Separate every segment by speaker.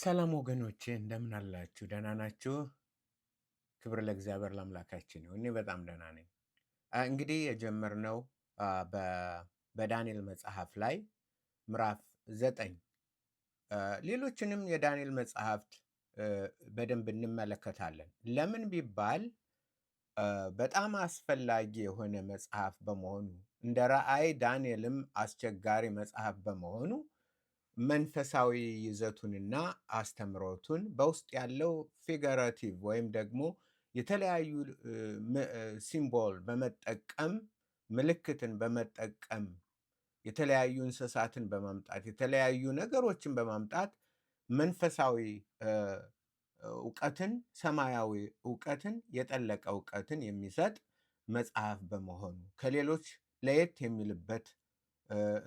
Speaker 1: ሰላም ወገኖቼ እንደምን አላችሁ? ደህና ናችሁ? ክብር ለእግዚአብሔር ለአምላካችን ነው። እኔ በጣም ደህና ነኝ። እንግዲህ የጀመርነው በዳንኤል መጽሐፍ ላይ ምዕራፍ ዘጠኝ ሌሎችንም የዳንኤል መጽሐፍት በደንብ እንመለከታለን። ለምን ቢባል በጣም አስፈላጊ የሆነ መጽሐፍ በመሆኑ እንደ ራእይ ዳንኤልም አስቸጋሪ መጽሐፍ በመሆኑ መንፈሳዊ ይዘቱንና አስተምሮቱን በውስጥ ያለው ፊገራቲቭ ወይም ደግሞ የተለያዩ ሲምቦል በመጠቀም ምልክትን በመጠቀም የተለያዩ እንስሳትን በማምጣት የተለያዩ ነገሮችን በማምጣት መንፈሳዊ እውቀትን ሰማያዊ እውቀትን የጠለቀ እውቀትን የሚሰጥ መጽሐፍ በመሆኑ ከሌሎች ለየት የሚልበት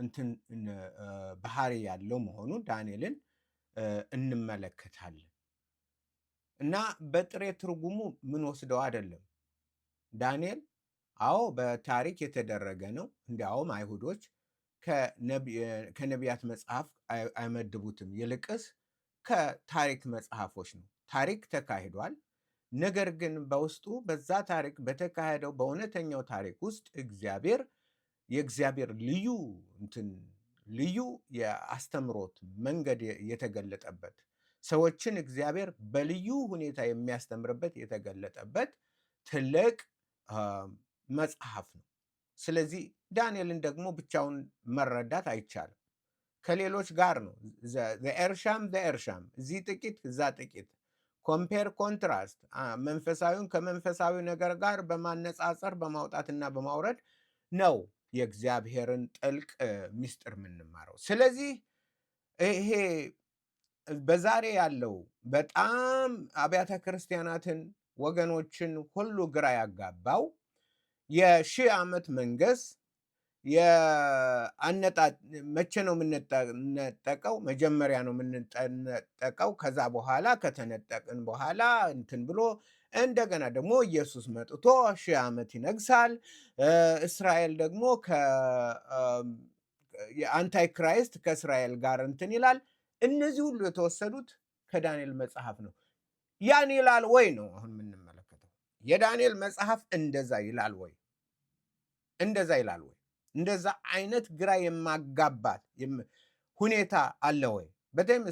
Speaker 1: እንትን ባህሪ ያለው መሆኑ ዳንኤልን እንመለከታለን እና በጥሬ ትርጉሙ ምን ወስደው አይደለም ዳንኤል አዎ በታሪክ የተደረገ ነው። እንዲያውም አይሁዶች ከነቢያት መጽሐፍ አይመድቡትም፣ ይልቅስ ከታሪክ መጽሐፎች ነው። ታሪክ ተካሂዷል። ነገር ግን በውስጡ በዛ ታሪክ በተካሄደው በእውነተኛው ታሪክ ውስጥ እግዚአብሔር የእግዚአብሔር ልዩ እንትን ልዩ የአስተምሮት መንገድ የተገለጠበት ሰዎችን እግዚአብሔር በልዩ ሁኔታ የሚያስተምርበት የተገለጠበት ትልቅ መጽሐፍ ነው። ስለዚህ ዳንኤልን ደግሞ ብቻውን መረዳት አይቻልም። ከሌሎች ጋር ነው። ዘኤርሻም ዘኤርሻም እዚህ ጥቂት እዛ ጥቂት ኮምፔር ኮንትራስት መንፈሳዊውን ከመንፈሳዊ ነገር ጋር በማነጻጸር በማውጣትና በማውረድ ነው የእግዚአብሔርን ጥልቅ ምስጢር የምንማረው። ስለዚህ ይሄ በዛሬ ያለው በጣም አብያተ ክርስቲያናትን ወገኖችን ሁሉ ግራ ያጋባው የሺህ ዓመት መንገስ መቼ ነው የምንነጠቀው? መጀመሪያ ነው የምንነጠቀው። ከዛ በኋላ ከተነጠቅን በኋላ እንትን ብሎ እንደገና ደግሞ ኢየሱስ መጥቶ ሺህ ዓመት ይነግሳል። እስራኤል ደግሞ አንታይ ክራይስት ከእስራኤል ጋር እንትን ይላል። እነዚህ ሁሉ የተወሰዱት ከዳንኤል መጽሐፍ ነው። ያን ይላል ወይ ነው አሁን የምንመለከተው። የዳንኤል መጽሐፍ እንደዛ ይላል ወይ? እንደዛ ይላል ወይ? እንደዛ አይነት ግራ የማጋባት ሁኔታ አለ ወይ? በተለይም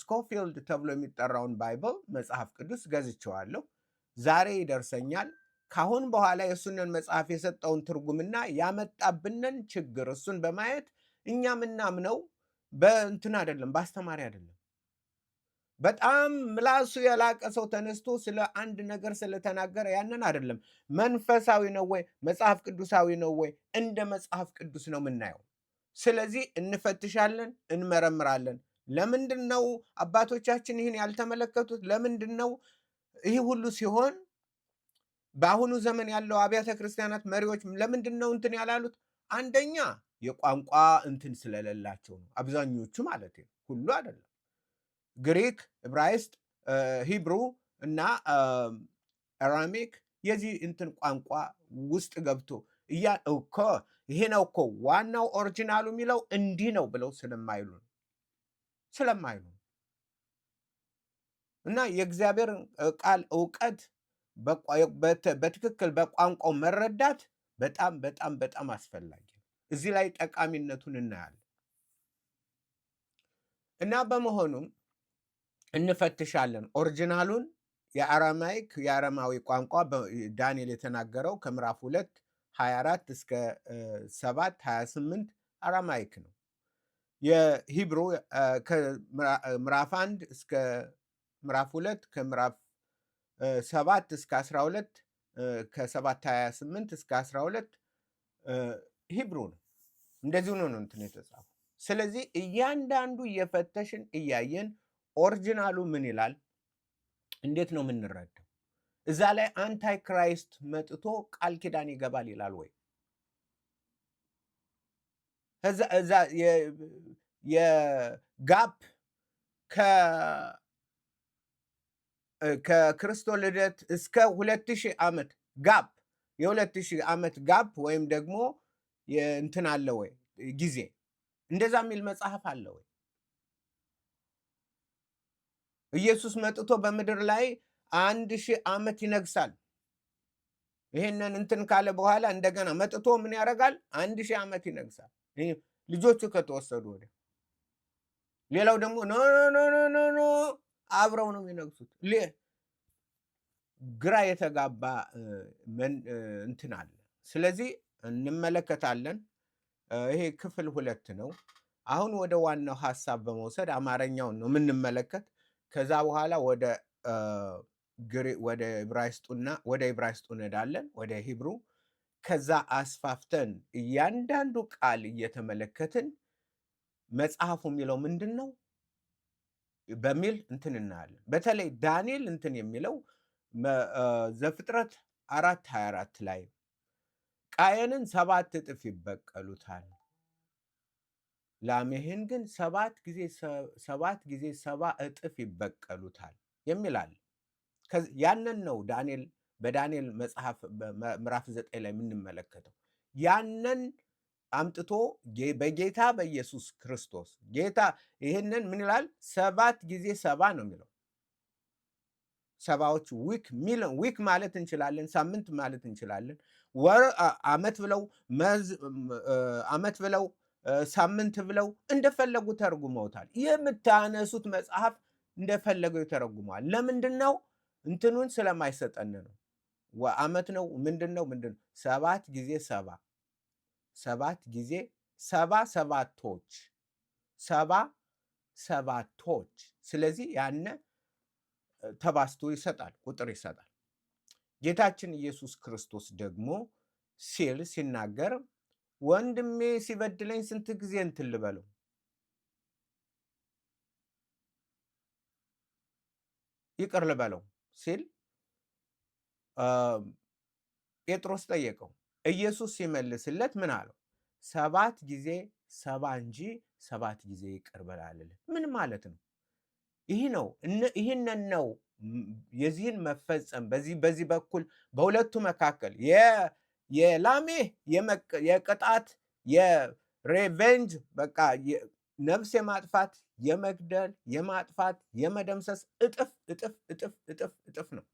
Speaker 1: ስኮፊልድ ተብሎ የሚጠራውን ባይብል መጽሐፍ ቅዱስ ገዝቸዋለሁ። ዛሬ ይደርሰኛል። ካሁን በኋላ የእሱንን መጽሐፍ የሰጠውን ትርጉምና ያመጣብንን ችግር እሱን በማየት እኛ ምናምነው በእንትን አይደለም፣ በአስተማሪ አይደለም። በጣም ምላሱ የላቀ ሰው ተነስቶ ስለ አንድ ነገር ስለተናገረ ያንን አይደለም። መንፈሳዊ ነው ወይ መጽሐፍ ቅዱሳዊ ነው ወይ? እንደ መጽሐፍ ቅዱስ ነው የምናየው። ስለዚህ እንፈትሻለን፣ እንመረምራለን። ለምንድን ነው አባቶቻችን ይህን ያልተመለከቱት? ለምንድን ነው ይህ ሁሉ ሲሆን በአሁኑ ዘመን ያለው አብያተ ክርስቲያናት መሪዎች ለምንድን ነው እንትን ያላሉት? አንደኛ የቋንቋ እንትን ስለሌላቸው ነው። አብዛኞቹ ማለት ነው፣ ሁሉ አይደለም። ግሪክ፣ ዕብራይስጥ፣ ሂብሩ እና አራሜክ የዚህ እንትን ቋንቋ ውስጥ ገብቶ እያ እኮ ይሄ ነው እኮ ዋናው ኦሪጂናሉ የሚለው እንዲህ ነው ብለው ስለማይሉ ነው ስለማይሉ እና የእግዚአብሔር ቃል እውቀት በትክክል በቋንቋው መረዳት በጣም በጣም በጣም አስፈላጊ ነው። እዚህ ላይ ጠቃሚነቱን እናያለን እና በመሆኑም እንፈትሻለን ኦሪጂናሉን የአራማይክ የአረማዊ ቋንቋ ዳንኤል የተናገረው ከምዕራፍ ሁለት 24 እስከ 7 28 አራማይክ ነው። የሂብሩ ምዕራፍ 1 እስከ ምዕራፍ ሁለት ከምዕራፍ ሰባት እስከ አስራ ሁለት ከሰባት ሀያ ስምንት እስከ አስራ ሁለት ሂብሩ ነው። እንደዚሁ ነው ነው እንትን የተጻፉ። ስለዚህ እያንዳንዱ እየፈተሽን እያየን ኦሪጂናሉ ምን ይላል እንዴት ነው የምንረዳው? እዛ ላይ አንታይ ክራይስት መጥቶ ቃል ኪዳን ይገባል ይላል ወይ? እዛ የጋፕ ከክርስቶ ልደት እስከ ሁለት ዓመት ጋፕ የ ሺህ ዓመት ጋፕ ወይም ደግሞ እንትን አለ ወይ ጊዜ እንደዛ የሚል መጽሐፍ አለ ወይ? ኢየሱስ መጥቶ በምድር ላይ አንድ ሺህ ዓመት ይነግሳል። ይሄንን እንትን ካለ በኋላ እንደገና መጥቶ ምን ያደርጋል? አንድ ሺህ ዓመት ይነግሳል። ልጆቹ ከተወሰዱ ወደ ሌላው ደግሞ ኖ ኖ ኖ ኖ አብረው ነው የሚነግሱት። ግራ የተጋባ እንትን አለ። ስለዚህ እንመለከታለን። ይሄ ክፍል ሁለት ነው። አሁን ወደ ዋናው ሀሳብ በመውሰድ አማርኛውን ነው የምንመለከት። ከዛ በኋላ ወደ ወደ ዕብራይስጡና ወደ ዕብራይስጡ እንሄዳለን፣ ወደ ሂብሩ። ከዛ አስፋፍተን እያንዳንዱ ቃል እየተመለከትን መጽሐፉ የሚለው ምንድን ነው በሚል እንትን እናያለን። በተለይ ዳንኤል እንትን የሚለው ዘፍጥረት አራት ሀያ አራት ላይ ቃየንን ሰባት እጥፍ ይበቀሉታል፣ ላሜህን ግን ሰባት ጊዜ ሰባት ጊዜ ሰባ እጥፍ ይበቀሉታል የሚላል ያንን ነው ዳንኤል በዳንኤል መጽሐፍ ምዕራፍ ዘጠኝ ላይ የምንመለከተው ያንን አምጥቶ በጌታ በኢየሱስ ክርስቶስ ጌታ ይህንን ምን ይላል? ሰባት ጊዜ ሰባ ነው የሚለው። ሰባዎች ዊክ ዊክ ማለት እንችላለን፣ ሳምንት ማለት እንችላለን፣ ወር አመት ብለው መዝ አመት ብለው ሳምንት ብለው እንደፈለጉ ተርጉመውታል። የምታነሱት መጽሐፍ እንደፈለገው ይተረጉመዋል። ለምንድን ነው? እንትኑን ስለማይሰጠን ነው። አመት ነው ምንድን ነው ምንድን ነው ሰባት ጊዜ ሰባ ሰባት ጊዜ ሰባ ሰባቶች ሰባ ሰባቶች። ስለዚህ ያነ ተባስቶ ይሰጣል፣ ቁጥር ይሰጣል። ጌታችን ኢየሱስ ክርስቶስ ደግሞ ሲል ሲናገር ወንድሜ ሲበድለኝ ስንት ጊዜ እንትን ልበለው? ይቅር ልበለው ሲል ጴጥሮስ ጠየቀው። ኢየሱስ ሲመልስለት ምን አለው? ሰባት ጊዜ ሰባ እንጂ ሰባት ጊዜ ይቅር ምን ማለት ነው? ይህ ነው ይህንን ነው የዚህን መፈጸም በዚህ በዚህ በኩል በሁለቱ መካከል የላሜህ የቅጣት የሬቬንጅ በቃ ነፍስ የማጥፋት የመግደል የማጥፋት የመደምሰስ እጥፍ እጥፍ እጥፍ እጥፍ እጥፍ ነው።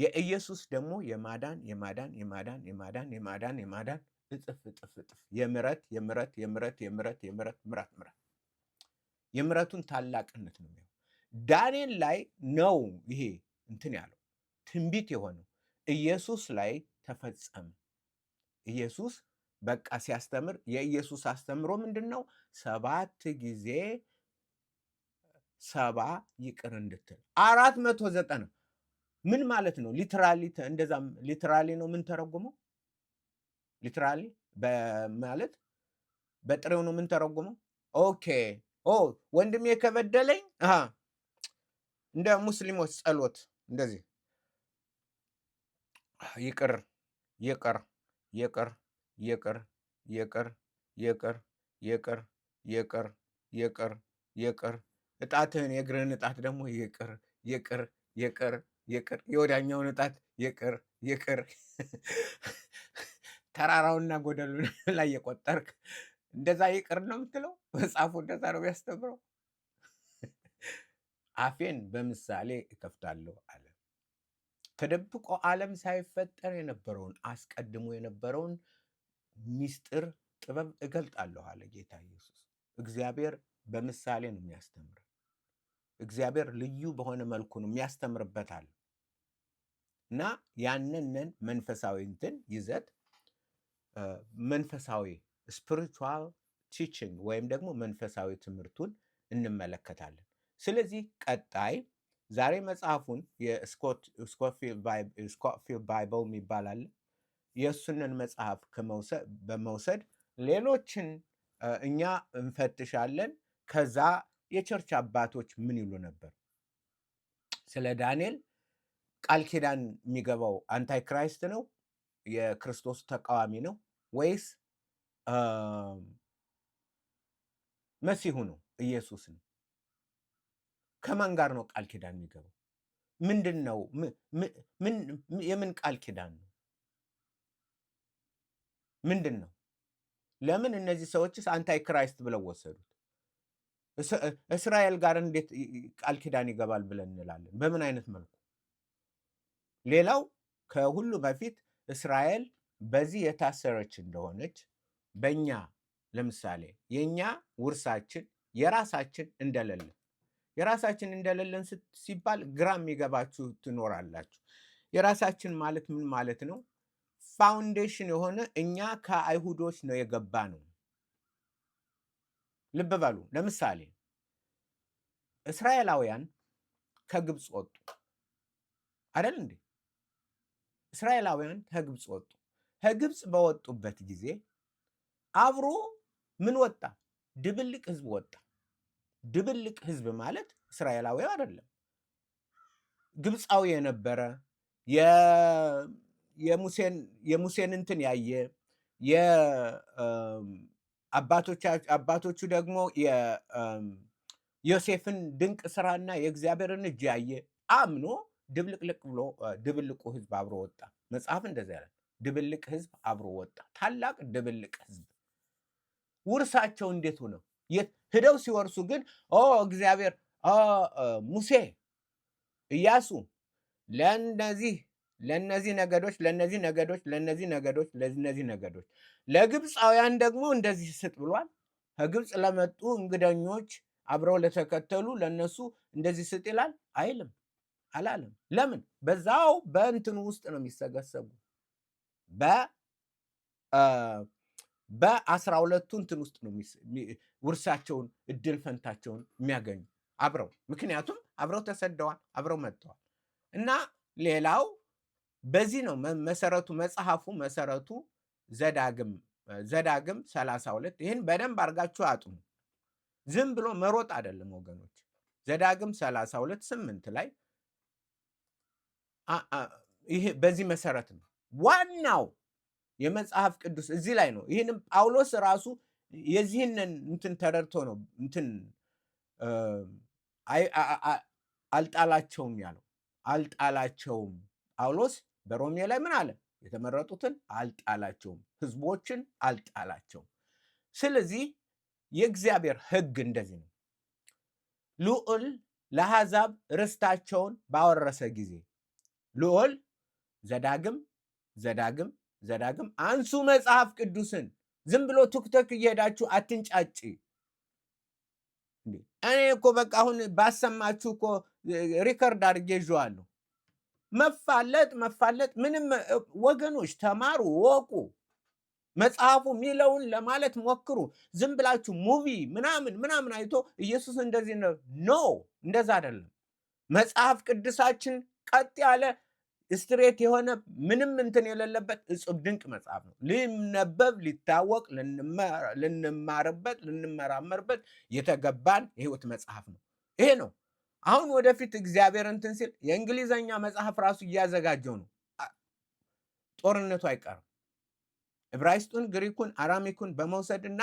Speaker 1: የኢየሱስ ደግሞ የማዳን የማዳን የማዳን የማዳን የማዳን የማዳን እጥፍ እጥፍ እጥፍ የምረት የምረት የምረት የምረት የምረት ምረት ምረት የምረቱን ታላቅነት ነው የሚሆን ዳንኤል ላይ ነው ይሄ እንትን ያለው ትንቢት የሆነው ኢየሱስ ላይ ተፈጸመ። ኢየሱስ በቃ ሲያስተምር የኢየሱስ አስተምሮ ምንድን ነው? ሰባት ጊዜ ሰባ ይቅር እንድትል አራት መቶ ዘጠና ምን ማለት ነው? ሊትራሊ እንደዛም ሊትራሊ ነው የምንተረጉመው። ሊትራሊ ማለት በጥሬው ነው የምንተረጉመው። ኦኬ ኦ ወንድሜ ከበደለኝ እንደ ሙስሊሞች ጸሎት እንደዚህ ይቅር ይቅር ይቅር ይቅር ይቅር ይቅር ይቅር ይቅር ይቅር ይቅር እጣትህን የእግርህን እጣት ደግሞ ይቅር ይቅር ይቅር ይቅር፣ የወዳኛውን እጣት ይቅር፣ ይቅር ተራራውና ጎደሉ ላይ የቆጠርክ እንደዛ ይቅር ነው የምትለው? መጽሐፉ እንደዛ ነው የሚያስተምረው። አፌን በምሳሌ እከፍታለሁ አለ። ተደብቆ ዓለም ሳይፈጠር የነበረውን አስቀድሞ የነበረውን ሚስጥር ጥበብ እገልጣለሁ አለ ጌታ ኢየሱስ። እግዚአብሔር በምሳሌ ነው የሚያስተምር። እግዚአብሔር ልዩ በሆነ መልኩ ነው የሚያስተምርበታል። እና ያንንን መንፈሳዊ እንትን ይዘት መንፈሳዊ ስፒሪቹዋል ቲችንግ ወይም ደግሞ መንፈሳዊ ትምህርቱን እንመለከታለን። ስለዚህ ቀጣይ ዛሬ መጽሐፉን የስኮትፊልድ ባይብል የሚባል አለ። የእሱንን መጽሐፍ በመውሰድ ሌሎችን እኛ እንፈትሻለን። ከዛ የቸርች አባቶች ምን ይሉ ነበር ስለ ዳንኤል ቃል ኪዳን የሚገባው አንታይክራይስት ነው፣ የክርስቶስ ተቃዋሚ ነው ወይስ መሲሁ ነው ኢየሱስ ነው? ከማን ጋር ነው ቃል ኪዳን የሚገባው? ምንድን ነው የምን ቃል ኪዳን ነው? ምንድን ነው? ለምን እነዚህ ሰዎችስ አንታይክራይስት ብለው ወሰዱት? እስራኤል ጋር እንዴት ቃል ኪዳን ይገባል ብለን እንላለን? በምን አይነት መልኩ ሌላው ከሁሉ በፊት እስራኤል በዚህ የታሰረች እንደሆነች በእኛ ለምሳሌ የእኛ ውርሳችን የራሳችን እንደሌለን የራሳችን እንደሌለን ሲባል ግራ የሚገባችሁ ትኖራላችሁ። የራሳችን ማለት ምን ማለት ነው? ፋውንዴሽን የሆነ እኛ ከአይሁዶች ነው የገባ ነው። ልብ በሉ። ለምሳሌ እስራኤላውያን ከግብፅ ወጡ አይደል እንዴ? እስራኤላውያን ከግብፅ ወጡ። ከግብፅ በወጡበት ጊዜ አብሮ ምን ወጣ? ድብልቅ ህዝብ ወጣ። ድብልቅ ህዝብ ማለት እስራኤላዊ አይደለም። ግብፃዊ የነበረ የሙሴን እንትን ያየ አባቶቹ ደግሞ የዮሴፍን ድንቅ ስራና የእግዚአብሔርን እጅ ያየ አምኖ ድብልቅልቅ ብሎ ድብልቁ ህዝብ አብሮ ወጣ። መጽሐፍ እንደዚ ያለ ድብልቅ ህዝብ አብሮ ወጣ። ታላቅ ድብልቅ ህዝብ ውርሳቸው እንዴት ነው? የት ሂደው ሲወርሱ ግን ኦ እግዚአብሔር ሙሴ እያሱ ለነዚህ ለነዚህ ነገዶች ለነዚህ ነገዶች ለነዚህ ነገዶች ለነዚህ ነገዶች ለግብፃውያን ደግሞ እንደዚህ ስጥ ብሏል። ከግብፅ ለመጡ እንግደኞች አብረው ለተከተሉ ለነሱ እንደዚህ ስጥ ይላል አይልም። አላለም። ለምን? በዛው በእንትኑ ውስጥ ነው የሚሰገሰጉ በ በአስራ ሁለቱ እንትን ውስጥ ነው ውርሳቸውን እድል ፈንታቸውን የሚያገኙ አብረው ምክንያቱም አብረው ተሰደዋል፣ አብረው መጥተዋል። እና ሌላው በዚህ ነው መሰረቱ መጽሐፉ መሰረቱ ዘዳግም ዘዳግም 32 ይህን በደንብ አድርጋችሁ አጥኑ። ዝም ብሎ መሮጥ አይደለም ወገኖች። ዘዳግም 32 8 ላይ ይሄ በዚህ መሰረት ነው ዋናው የመጽሐፍ ቅዱስ እዚህ ላይ ነው። ይህንም ጳውሎስ ራሱ የዚህን እንትን ተረድቶ ነው እንትን አልጣላቸውም ያለው አልጣላቸውም። ጳውሎስ በሮሜ ላይ ምን አለ? የተመረጡትን አልጣላቸውም፣ ህዝቦችን አልጣላቸውም። ስለዚህ የእግዚአብሔር ህግ እንደዚህ ነው። ልዑል ለአሕዛብ ርስታቸውን ባወረሰ ጊዜ ልዑል ዘዳግም ዘዳግም ዘዳግም አንሱ መጽሐፍ ቅዱስን ዝም ብሎ ቱክተክ እየሄዳችሁ አትንጫጭ። እኔ እኮ በቃ አሁን ባሰማችሁ እኮ ሪከርድ አድርጌ ይዤዋለሁ። መፋለጥ መፋለጥ ምንም ወገኖች፣ ተማሩ፣ ወቁ፣ መጽሐፉ ሚለውን ለማለት ሞክሩ። ዝም ብላችሁ ሙቪ ምናምን ምናምን አይቶ ኢየሱስ እንደዚህ ነው። ኖ እንደዛ አይደለም። መጽሐፍ ቅዱሳችን ቀጥ ያለ ስትሬት የሆነ ምንም እንትን የሌለበት እጹብ ድንቅ መጽሐፍ ነው። ሊነበብ፣ ሊታወቅ፣ ልንማርበት፣ ልንመራመርበት የተገባን የህይወት መጽሐፍ ነው። ይሄ ነው። አሁን ወደፊት እግዚአብሔር እንትን ሲል የእንግሊዘኛ መጽሐፍ ራሱ እያዘጋጀው ነው። ጦርነቱ አይቀርም። ዕብራይስጡን፣ ግሪኩን፣ አራሚኩን በመውሰድ እና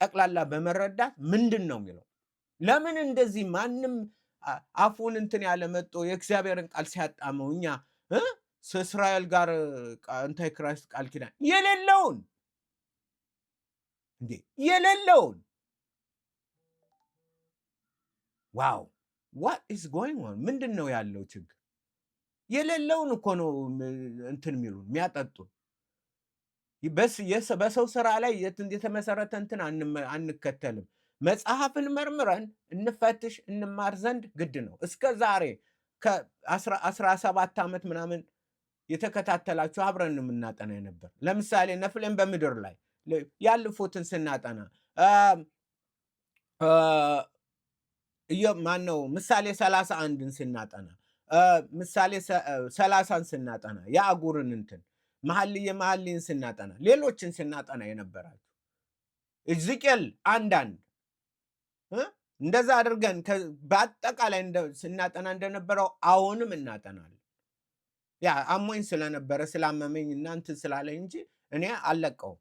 Speaker 1: ጠቅላላ በመረዳት ምንድን ነው የሚለው ለምን እንደዚህ ማንም አፉን እንትን ያለ መጦ የእግዚአብሔርን ቃል ሲያጣመው እኛ ከእስራኤል ጋር አንታይ ክራይስት ቃል ኪዳን የሌለውን እንዴ የሌለውን ዋው ዋት ኢዝ ጎይንግ ኦን ምንድን ነው ያለው ችግር? የሌለውን እኮ ነው እንትን የሚሉን የሚያጠጡን። በሰው ስራ ላይ የተመሰረተ እንትን አንከተልም። መጽሐፍን መርምረን እንፈትሽ እንማር ዘንድ ግድ ነው። እስከ ዛሬ ከ17 ዓመት ምናምን የተከታተላችሁ አብረን የምናጠና ነበር። ለምሳሌ ነፍሌን በምድር ላይ ያለፉትን ስናጠና ማን ነው ምሳሌ ሰላሳ አንድን ስናጠና ምሳሌ ሰላሳን ስናጠና የአጉርን እንትን መሐልየ መሐልይን ስናጠና ሌሎችን ስናጠና የነበራችሁ ሕዝቅኤል አንዳንድ እንደዛ አድርገን በአጠቃላይ ስናጠና እንደነበረው አሁንም እናጠናለን። ያ አሞኝ ስለነበረ ስላመመኝ እናንት ስላለኝ እንጂ እኔ አለቀው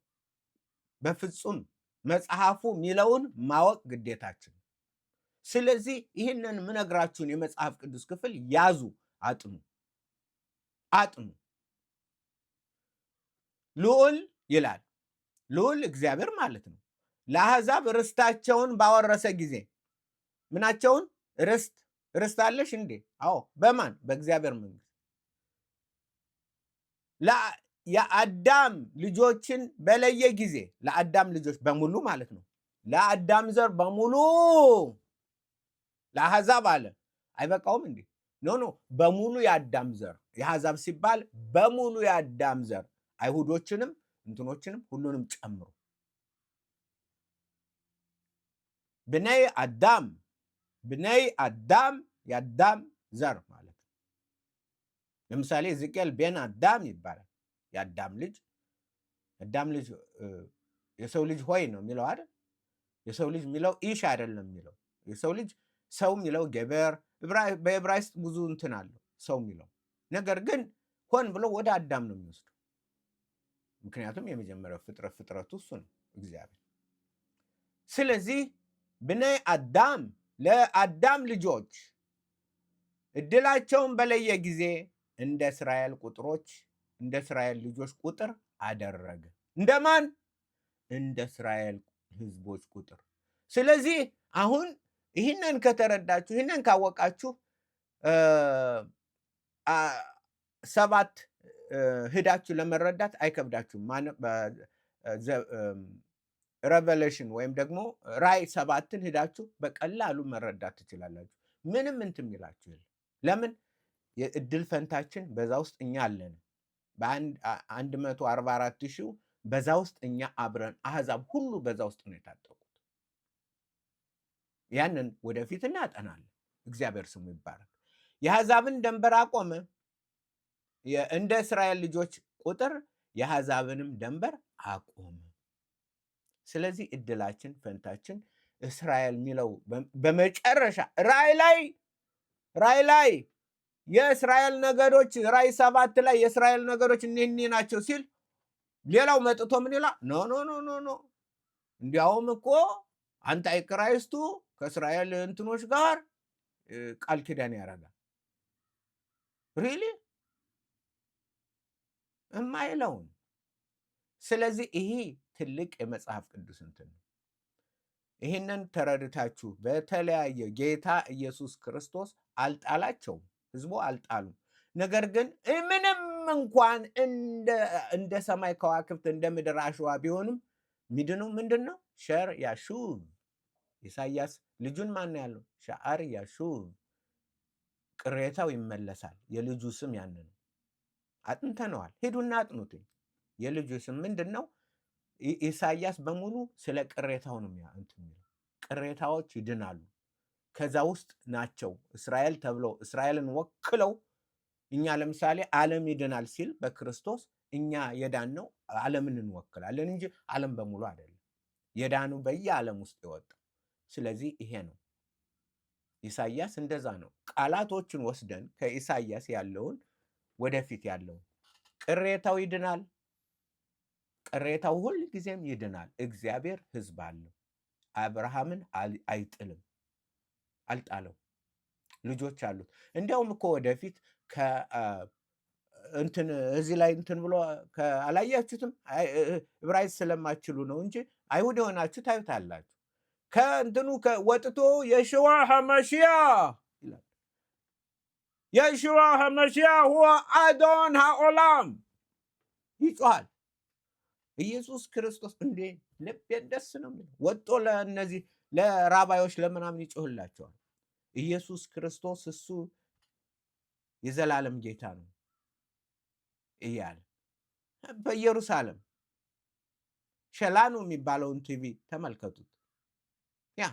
Speaker 1: በፍጹም። መጽሐፉ የሚለውን ማወቅ ግዴታችን። ስለዚህ ይህንን ምነግራችሁን የመጽሐፍ ቅዱስ ክፍል ያዙ፣ አጥኑ፣ አጥኑ። ልዑል ይላል ልዑል እግዚአብሔር ማለት ነው። ለአሕዛብ ርስታቸውን ባወረሰ ጊዜ ምናቸውን ርስት ርስት አለሽ እንዴ? አዎ። በማን በእግዚአብሔር መንግስት የአዳም ልጆችን በለየ ጊዜ ለአዳም ልጆች በሙሉ ማለት ነው። ለአዳም ዘር በሙሉ ለአሕዛብ አለ። አይበቃውም እንዴ? ኖ ኖ በሙሉ የአዳም ዘር የአሕዛብ ሲባል በሙሉ የአዳም ዘር አይሁዶችንም እንትኖችንም ሁሉንም ጨምሮ ብነይ አዳም ብነይ አዳም የአዳም ዘር ማለት ነው። ለምሳሌ ሕዝቅኤል ቤን አዳም ይባላል። የአዳም ልጅ አዳም ልጅ የሰው ልጅ ሆይ ነው የሚለው አይደል? የሰው ልጅ የሚለው ኢሽ አይደለም የሚለው የሰው ልጅ ሰው የሚለው ገበር በዕብራይስጥ ብዙ እንትን አለው ሰው የሚለው ነገር ግን ሆን ብሎ ወደ አዳም ነው የሚወስደው። ምክንያቱም የመጀመሪያው ፍጥረት ፍጥረቱ እሱ ነው እግዚአብሔር። ስለዚህ ብናይ አዳም ለአዳም ልጆች እድላቸውን በለየ ጊዜ እንደ እስራኤል ቁጥሮች እንደ እስራኤል ልጆች ቁጥር አደረገ። እንደማን? እንደ እስራኤል ህዝቦች ቁጥር። ስለዚህ አሁን ይህንን ከተረዳችሁ ይህንን ካወቃችሁ ሰባት ሂዳችሁ ለመረዳት አይከብዳችሁም። ሬቨሌሽን ወይም ደግሞ ራይ ሰባትን ሄዳችሁ በቀላሉ መረዳት ትችላላችሁ። ምንም እንትን የሚላችሁ ለምን የእድል ፈንታችን በዛ ውስጥ እኛ አለን። በአንድ መቶ አርባ አራት ሺው በዛ ውስጥ እኛ አብረን አህዛብ ሁሉ በዛ ውስጥ ነው የታጠቁት። ያንን ወደፊት እናጠናለን። እግዚአብሔር ስሙ ይባረክ። የአህዛብን ደንበር አቆመ። እንደ እስራኤል ልጆች ቁጥር የአህዛብንም ደንበር አቆመ። ስለዚህ እድላችን ፈንታችን እስራኤል የሚለው በመጨረሻ ራይ ላይ ራይ ላይ የእስራኤል ነገዶች ራይ ሰባት ላይ የእስራኤል ነገዶች እኒህኒ ናቸው ሲል ሌላው መጥቶ ምን ይላ ኖ ኖ ኖ ኖ ኖ እንዲያውም እኮ አንታይ ክራይስቱ ከእስራኤል እንትኖች ጋር ቃል ኪዳን ያደርጋል። ሪሊ እማይለውን ስለዚህ ይሄ ትልቅ የመጽሐፍ ቅዱስ እንትን ነው። ይህንን ተረድታችሁ በተለያየ ጌታ ኢየሱስ ክርስቶስ አልጣላቸውም፣ ህዝቡ አልጣሉም። ነገር ግን ምንም እንኳን እንደ ሰማይ ከዋክብት እንደ ምድር አሸዋ ቢሆንም ሚድኑ ምንድን ነው? ሸር ያሹብ ኢሳያስ ልጁን ማን ያለው? ሸአር ያሹብ ቅሬታው ይመለሳል። የልጁ ስም ያን ነው። አጥንተነዋል። ሂዱና አጥኑትኝ። የልጁ ስም ምንድን ነው? ኢሳያስ በሙሉ ስለ ቅሬታው ነው የሚለው። ቅሬታዎች ይድናሉ። ከዛ ውስጥ ናቸው እስራኤል ተብለው እስራኤልን ወክለው እኛ ለምሳሌ ዓለም ይድናል ሲል በክርስቶስ እኛ የዳነው ዓለምን እንወክላለን እንጂ ዓለም በሙሉ አይደለም የዳኑ በየዓለም ውስጥ የወጣ ስለዚህ ይሄ ነው ኢሳያስ እንደዛ ነው። ቃላቶችን ወስደን ከኢሳያስ ያለውን ወደፊት ያለውን ቅሬታው ይድናል ቅሬታው ሁል ጊዜም ይድናል። እግዚአብሔር ሕዝብ አለው። አብርሃምን አይጥልም፣ አልጣለው። ልጆች አሉት። እንዲያውም እኮ ወደፊት እንትን እዚህ ላይ እንትን ብሎ አላያችሁትም? ዕብራይስጥ ስለማችሉ ነው እንጂ አይሁድ የሆናችሁ ታዩታላችሁ። ከእንትኑ ወጥቶ የሽዋ ሐመሽያ ይላል። የሽዋ ሐመሽያ ሁወ አዶን ሃኦላም ይጮሃል። ኢየሱስ ክርስቶስ እንዴ ልቤን ደስ ነው የሚለው ወጦ ለእነዚህ ለራባዮች ለምናምን ይጮህላቸዋል። ኢየሱስ ክርስቶስ እሱ የዘላለም ጌታ ነው እያለ በኢየሩሳሌም ሸላኑ የሚባለውን ቲቪ ተመልከቱት። ያ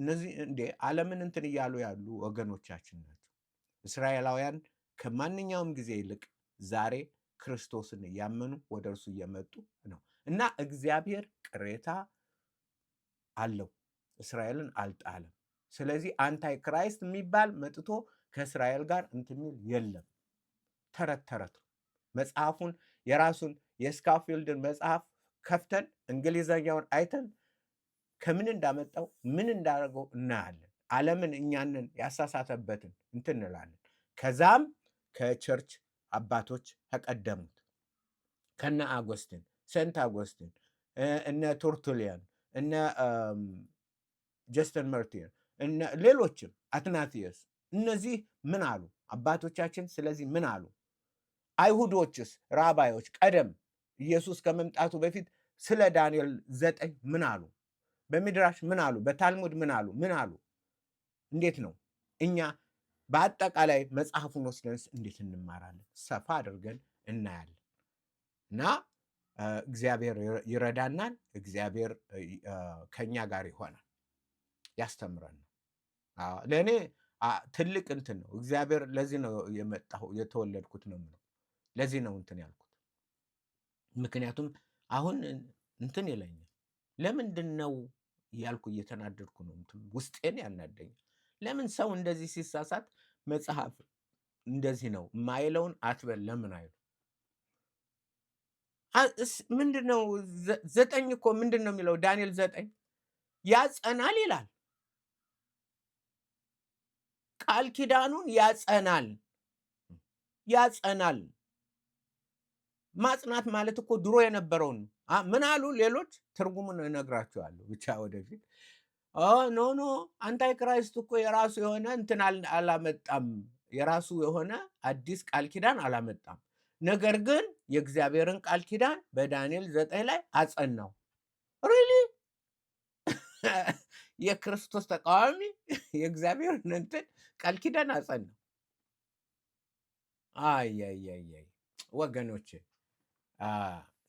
Speaker 1: እነዚህ እንዴ ዓለምን እንትን እያሉ ያሉ ወገኖቻችን ናቸው። እስራኤላውያን ከማንኛውም ጊዜ ይልቅ ዛሬ ክርስቶስን እያመኑ ወደ እርሱ እየመጡ ነው እና እግዚአብሔር ቅሬታ አለው፣ እስራኤልን አልጣለም። ስለዚህ አንታይ ክራይስት የሚባል መጥቶ ከእስራኤል ጋር እንትን የለም። ተረት ተረት መጽሐፉን የራሱን የስካፊልድን መጽሐፍ ከፍተን እንግሊዘኛውን አይተን ከምን እንዳመጣው ምን እንዳደረገው እናያለን። ዓለምን እኛንን ያሳሳተበትን እንትን እንላለን። ከዛም ከቸርች አባቶች ተቀደሙት ከነ አጎስትን ሴንት አጎስትን እነ ቶርቱሊያን እነ ጀስተን መርቲር ሌሎችም አትናቲየስ እነዚህ ምን አሉ አባቶቻችን ስለዚህ ምን አሉ አይሁዶችስ ራባዮች ቀደም ኢየሱስ ከመምጣቱ በፊት ስለ ዳንኤል ዘጠኝ ምን አሉ በሚድራሽ ምን አሉ በታልሙድ ምን አሉ ምን አሉ እንዴት ነው እኛ በአጠቃላይ መጽሐፉን ወስደንስ እንዴት እንማራለን? ሰፋ አድርገን እናያለን እና እግዚአብሔር ይረዳናል። እግዚአብሔር ከኛ ጋር ይሆናል፣ ያስተምረናል። ለእኔ ትልቅ እንትን ነው እግዚአብሔር። ለዚህ ነው የመጣሁ የተወለድኩት ነው የምለው። ለዚህ ነው እንትን ያልኩት። ምክንያቱም አሁን እንትን ይለኛል። ለምንድን ነው እያልኩ እየተናደድኩ ነው። ውስጤን ያናደኛል ለምን ሰው እንደዚህ ሲሳሳት መጽሐፍ እንደዚህ ነው ማይለውን አትበል ለምን አይሉ? ምንድነው ዘጠኝ እኮ ምንድን ነው የሚለው ዳንኤል ዘጠኝ ያጸናል ይላል። ቃል ኪዳኑን ያጸናል ያጸናል። ማጽናት ማለት እኮ ድሮ የነበረውን ምን አሉ ሌሎች ትርጉሙን እነግራቸዋለሁ ብቻ ወደፊት ኖ ኖ አንታይ ክራይስት እኮ የራሱ የሆነ እንትን አላመጣም፣ የራሱ የሆነ አዲስ ቃል ኪዳን አላመጣም። ነገር ግን የእግዚአብሔርን ቃል ኪዳን በዳንኤል ዘጠኝ ላይ አጸናው። ሪሊ የክርስቶስ ተቃዋሚ የእግዚአብሔርን እንትን ቃል ኪዳን አጸናው። አያያያይ ወገኖች፣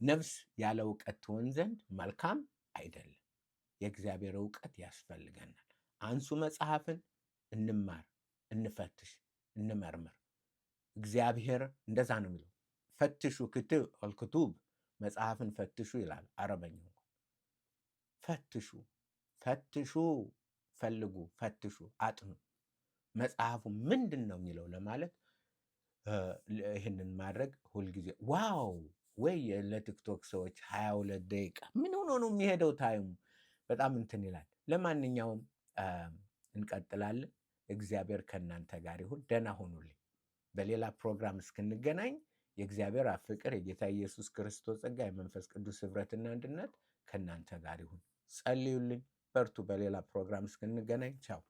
Speaker 1: ነፍስ ያለ እውቀት ትሆን ዘንድ መልካም አይደለም። የእግዚአብሔር እውቀት ያስፈልገናል። አንሱ መጽሐፍን እንማር፣ እንፈትሽ፣ እንመርምር። እግዚአብሔር እንደዛ ነው የሚለው። ፈትሹ ክቱብ መጽሐፍን ፈትሹ ይላል። አረበኛ ፈትሹ፣ ፈትሹ፣ ፈልጉ፣ ፈትሹ፣ አጥኑ። መጽሐፉ ምንድን ነው የሚለው ለማለት ይህንን ማድረግ ሁልጊዜ ዋው ወይ ለቲክቶክ ሰዎች ሀያ ሁለት ደቂቃ ምን ሆኖ ነው የሚሄደው ታይሙ? በጣም እንትን ይላል። ለማንኛውም እንቀጥላለን። እግዚአብሔር ከእናንተ ጋር ይሁን። ደህና ሆኑልኝ። በሌላ ፕሮግራም እስክንገናኝ የእግዚአብሔር አፍቅር ፍቅር፣ የጌታ ኢየሱስ ክርስቶስ ጸጋ፣ የመንፈስ ቅዱስ ህብረትና አንድነት ከእናንተ ጋር ይሁን። ጸልዩልኝ፣ በርቱ። በሌላ ፕሮግራም እስክንገናኝ ቻው።